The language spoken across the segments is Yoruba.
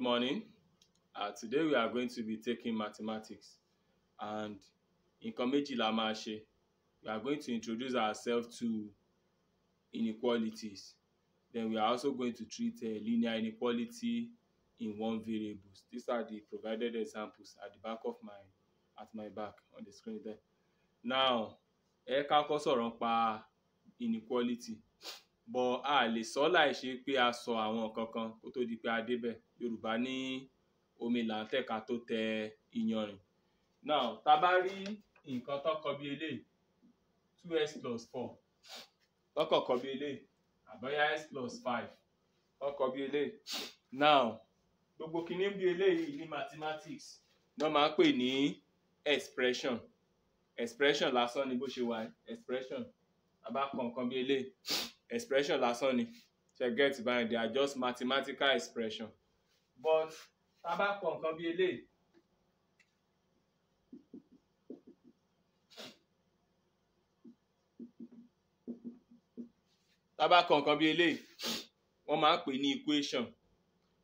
Good morning. Uh, today we are going to be taking mathematics and nǹkan méjì la máa ṣe. We are going to introduce ourselves to inequalities. Then we are also going to treat uh, linear inequality in one variables. These are the provided examples at the back of my at my back on the screen there. Now, ẹ ká kọ́ sọ̀rọ̀ nípa inequality. But a lè sọ láì ṣe pé a sọ àwọn nǹkan kó tó di pé a débẹ̀. Yorùbá ní omi là ń tẹ̀ tó tẹ iyanrìn now ta bá rí nǹkan tán bí eléyìí two x plus four tán kàn kọ bí eléyìí àbáyá x plus five tán kọ bí eléyìí now gbogbo kinní bí eléyìí ní mathematics ni wọ́n máa ń pè ní expression expression lásán ni bó ṣe wà expression a bá kọ nǹkan bí eléyìí expression lásán ni ṣe get by they are just mathematical expression but tá a bá kọ nǹkan bí eléyìí. tá a bá kọ nǹkan bí eléyìí wọ́n máa ń pè ní equation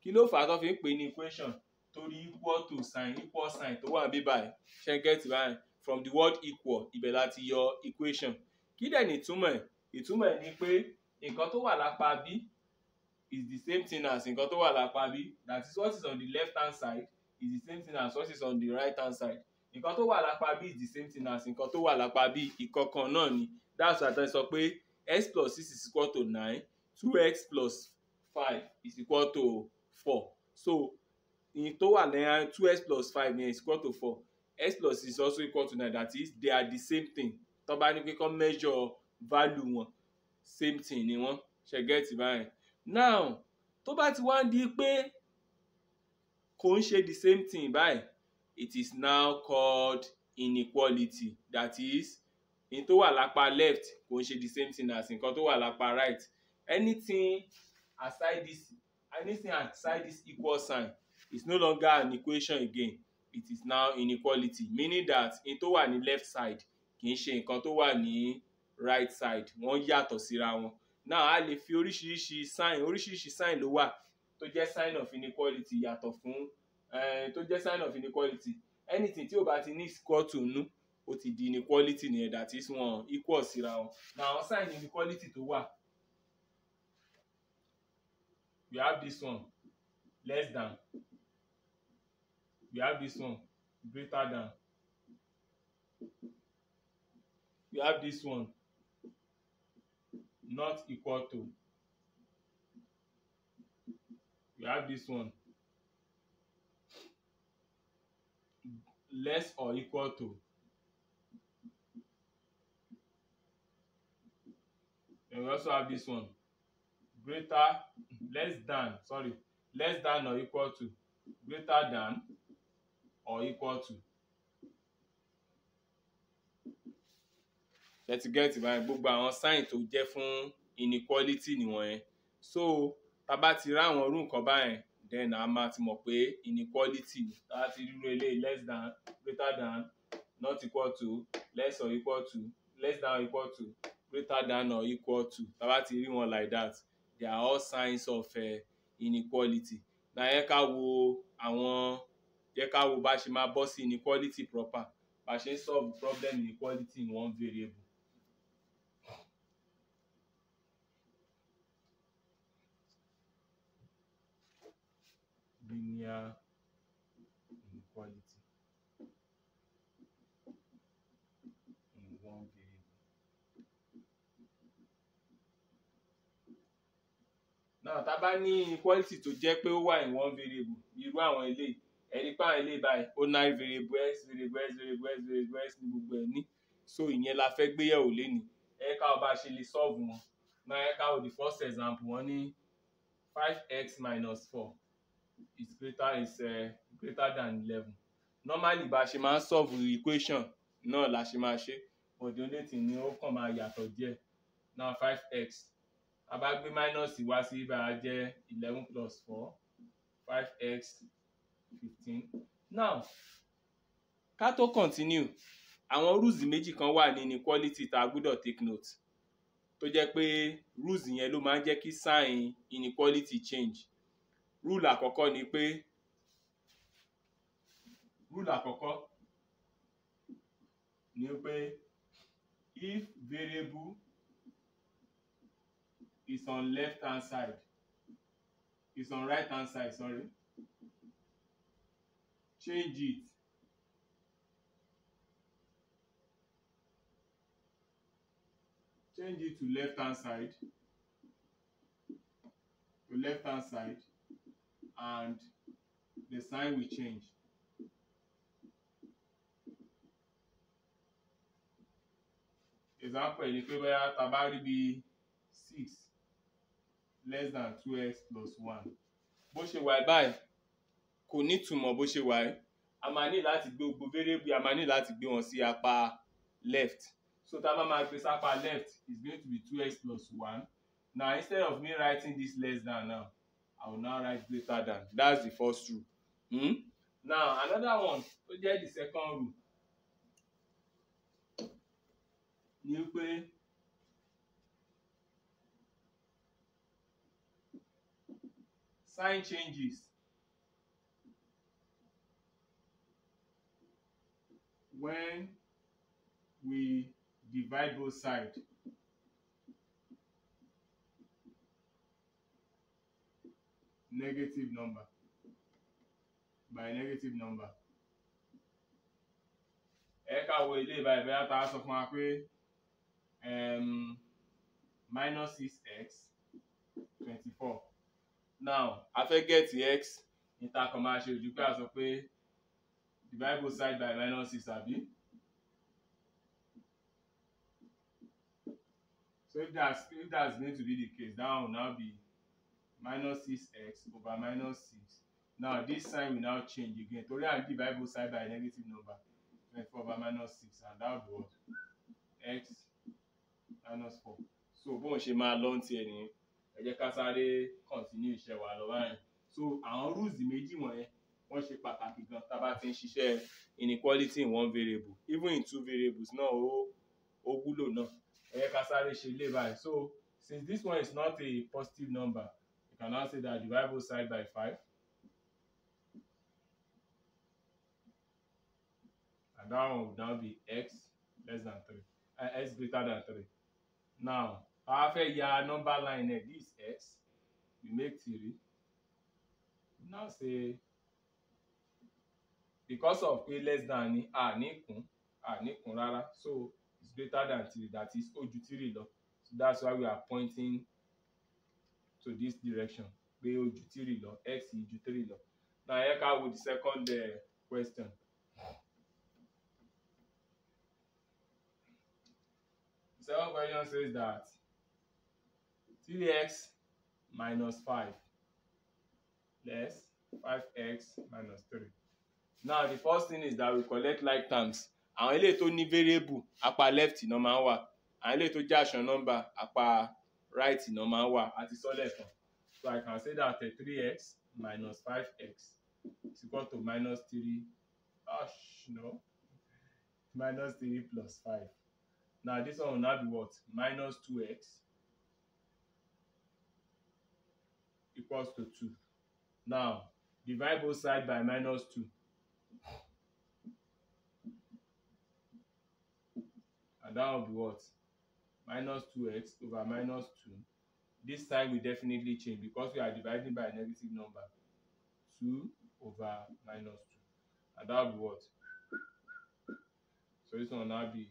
kí ló fà á tó fi ń pè ní equation torí equal to sign equal sign tó wà bí báyìí get by from the word equal ibẹ̀ láti yọ equation kí dẹ̀ ní ìtumọ̀ ẹ̀ ìtumọ̀ ẹ̀ ni pé nǹkan tó wà lápá bí is the same thing as nǹkan tó wà lápá that is what is on the left hand side is the same thing as what is on the right hand side nǹkan tó wà lápá is the same thing as nǹkan tó wà lápá bí ìkọ̀kan náà ni that's why i sọ pé x plus six is equal to nine two x plus five is equal to four so in tó wà lẹ́yìn two x plus five yẹn is equal to four x plus six is also equal to nine that is they are the same thing tó bá ní pé kán measure value wọn same thing ni wọ́n ṣe get báyìí now tó bá ti wá ń di pé kò ń ṣe the same thing báyìí it is now called inequality that is in tó wà lápá left kò ń ṣe the same thing as nǹkan tó wà lápá right anything aside this anything aside this equal sign is no longer an equation again it is now inequality meaning that in tó wà ní left side kì í ṣe nǹkan tó wà ní right side wọ́n yàtọ̀ síra wọn Now, a lè fi oríṣiríṣi sign oríṣiríṣi sign ló wà tó jẹ́ sign of inequality yàtọ̀ fún eh, tó jẹ́ sign of inequality anything tí ò bá ti ní equal to nú ó ti di inequality nìyẹn that is wọn equal síra wọn na àwọn sign inequality tó wà we have this one less than we have this one greater than we have this one not equal to We have this one less or equal to and we also have this one greater less than sorry less than or equal to greater than or equal to ṣẹtigẹẹtì báyìí gbogbo àwọn sáìn tó jẹ́ fún inequality nìwọ̀nyẹn so tá a bá ti rí àwọn irú nǹkan báyẹn then a máa ti mọ̀ pé inequality tá a ti rírú eléyìí less than greater than not equal to less or equal to less than or equal to greater than or equal to tá a ti rí wọn like that they are all signs of uh, inequality na yẹ ká wo àwọn yẹ ká wo bá ṣe máa bọ́ sí inequality proper bá ṣe ń solve problem inequality in one variable linear inequality in one variable. Now, tá bá ní inequality tó jẹ́ pé ó wà in one variable, irú àwọn eléyìí, ẹ̀rí pa àwọn eléyìí báyìí, ó náà variable x variable x variable x variable x ní gbogbo ẹ̀ ní. So ìyẹn la fẹ́ gbéyẹ̀wò lénìí, ẹ̀ka ọba ṣe lè solve wọn. Now, ẹ̀ka o the first example, wọ́n ní five x minus four is greater is uh, greater than eleven normally bá a ṣe máa ń solve equation náà la ṣe máa ṣe but the only thing ni ó kàn máa yàtọ̀ díẹ̀ now five x a bá gbé minus wá sí ibà á jẹ́ eleven plus four five x fifteen now ká tó continue àwọn rules méjì kan wà ní inequality tá a gbúdọ̀ take note To jẹ́ pé rules yẹn ló máa ń jẹ́ sign inequality change Rule àkọ́kọ́ ni pé Rule àkọ́kọ́ ni pé if variable is on left hand side is on right hand side sorry change it change it to left hand side to left hand side and the sign will change. Example in the bóyá ta bá rí six less than two x plus one. Bó ṣe wà báyìí kò ní ìtumọ̀ bó ṣe wà yìí. A máa ní láti gbé gbogbo variable a máa ní láti gbé wọn sí apá left. So tá a bá máa gbé sápá left is going to be two x plus one. Now instead of me writing this less than now I will now write greater than that's the first rule hmm? now another one ó jẹ́ the second rule ni pé sign changes when we divide both sides negative number by negative number. ẹ ká wo ilé ìbá ìbẹ́ àtà sọ fún wa pé um, minus six x twenty four now a fẹ́ get x níta kan máa ṣe ojú pé a sọ pé divide both sides by minus six àbí. So if that's if that's going to be the case, that will now be minus 6x over minus 6. Now this sign will now change again. Torí I divide both side by a negative number. 24 over minus 6 and that was x minus 4. So bóun she máa long ti ẹ̀ nìyẹn. Ẹ continue iṣẹ́ wa lọ báyìí. So àwọn rules méjì wọ̀nyẹn wọ́n ṣe pàtàkì gan tá a bá ti inequality in one variable even in two variables náà ó ó wúlò náà. Ẹ jẹ́ ká sáré ṣe ilé So since this one is not a positive number You can now say that divide both sides by 5. And that one would now be x less than 3. Uh, x greater than 3. Now, after your number line here, this x, you make 3. Now say, because of a less than ni a ní a ní kún so it's greater than 3 that is ó ju 3 lọ. So that's why we are pointing to this direction pé ó ju three lọ x yìí ju three lọ now ẹ ká wo the second uh, question. the second question says that three x minus five less five x minus three now the first thing is that we collect like terms àwọn eléyìí tó ní variable apá left náà máa ń wà àwọn eléyìí tó jẹ́ àṣọ nọ́mbà apá right iná máa ń wà àti sọ́lẹ̀ kan so I can say that uh, three x minus five x is equal to minus three. ash ah, no minus three plus five. now this one will now be what minus two x equals to two. now divide both sides by minus two, and that will be what minus 2x over minus 2. This sign will definitely change because we are dividing by a negative number. 2 over minus 2. And that will be what? So this one will now be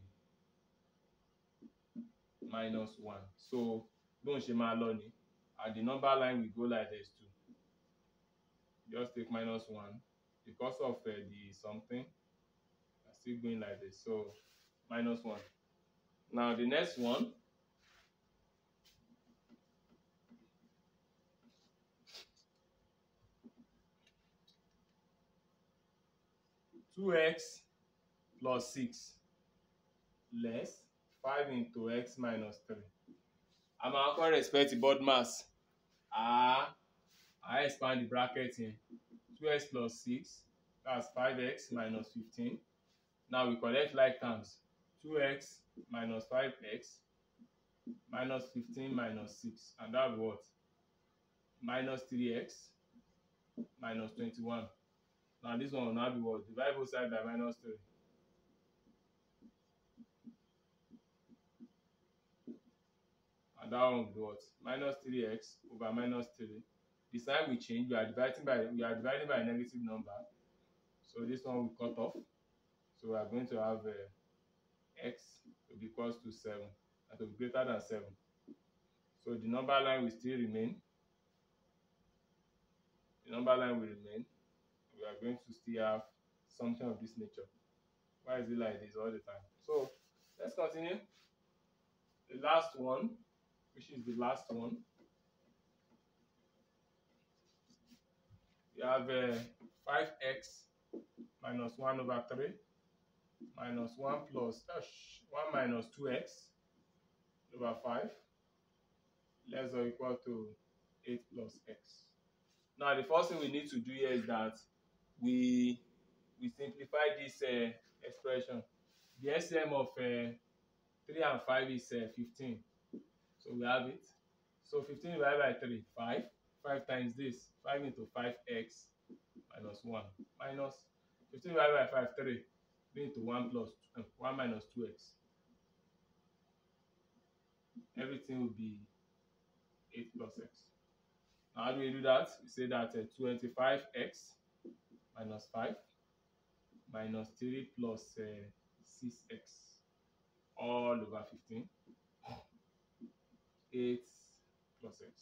minus 1. So, don't òun ṣe máa and the number line will go like this too. Just take minus 1 because of uh, the something. I'm still going like this. So, minus 1. Now the next one. Two x plus six less five into x minus three. A máa respect the board mass. A I expand the bracket here. Two x plus six that's five x minus fifteen. Now we collect like terms. 2x minus 5x minus 15 minus 6 and that what minus 3x minus 21 now this one will now be what divide both sides by minus 3 and that one will be what minus 3x over minus 3 the sign will change we are dividing by we are dividing by a negative number so this one will cut off so we are going to have uh, x will be equals to 7. That will be greater than 7. So the number line will still remain. The number line will remain. We are going to still have something of this nature. Why is it like this all the time? So let's continue. The last one, which is the last one. We have uh, 5x minus 1 over 3 minus 1 plus dash 1 minus 2x over 5 less or equal to 8 plus x. Now the first thing we need to do here is that we we simplify this uh, expression. The SCM of uh, 3 and 5 is uh, 15. So we have it. So 15 divided by 3, 5. 5 times this, 5 into 5x minus 1 minus 15 divided by 5, 3 made to 1 plus uh, 1 minus two x Everything will be eight plus x. Now, how do we do that? We say that uh, five x minus five minus three plus uh, x all over fifteen. Eight plus x.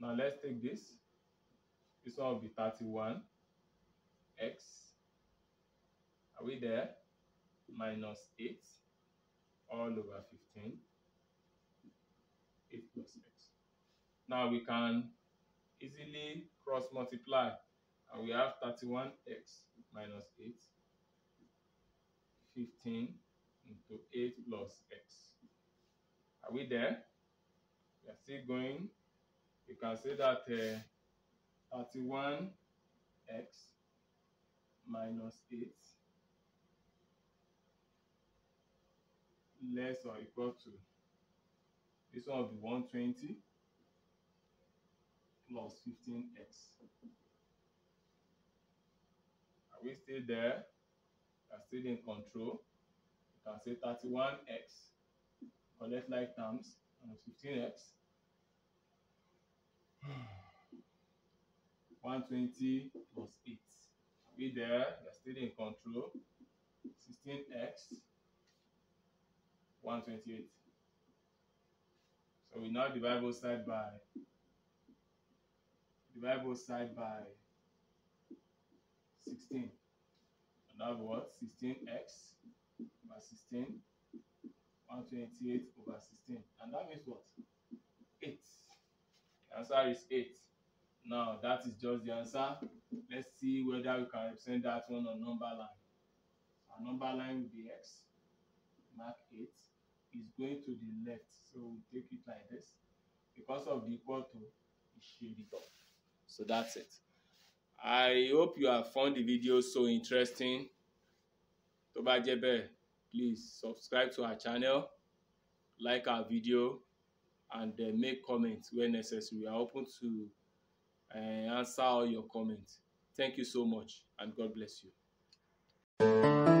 Now, let's take this. This one will be thirty-one x Are we there? Minus 8 all over 15. 8 plus x. Now we can easily cross multiply and we have 31x minus 8 15 into 8 plus x. Are we there? We are still going. You can say that uh, 31x minus 8 less or equal to this one will be 120 plus 15x. Are we still there? We are still in control. You can say 31x, collect like terms, and 15x. 120 plus 8. Are we there? We are still in control. 16x 128. So we know the Bible side by the Bible side by 16. And now what? 16x over 16, 128 over 16. And that means what? 8. The answer is 8. Now that is just the answer. Let's see whether we can represent that one on number line. Our number line will be x, mark 8 is going to the left so we take it like this because of the equal to is shaded up so that's it i hope you have found the video so interesting tó bá jẹ́ please subscribe to our channel like our video and uh, make comments where necessary we are open to uh, answer all your comments thank you so much and god bless you. Thank you.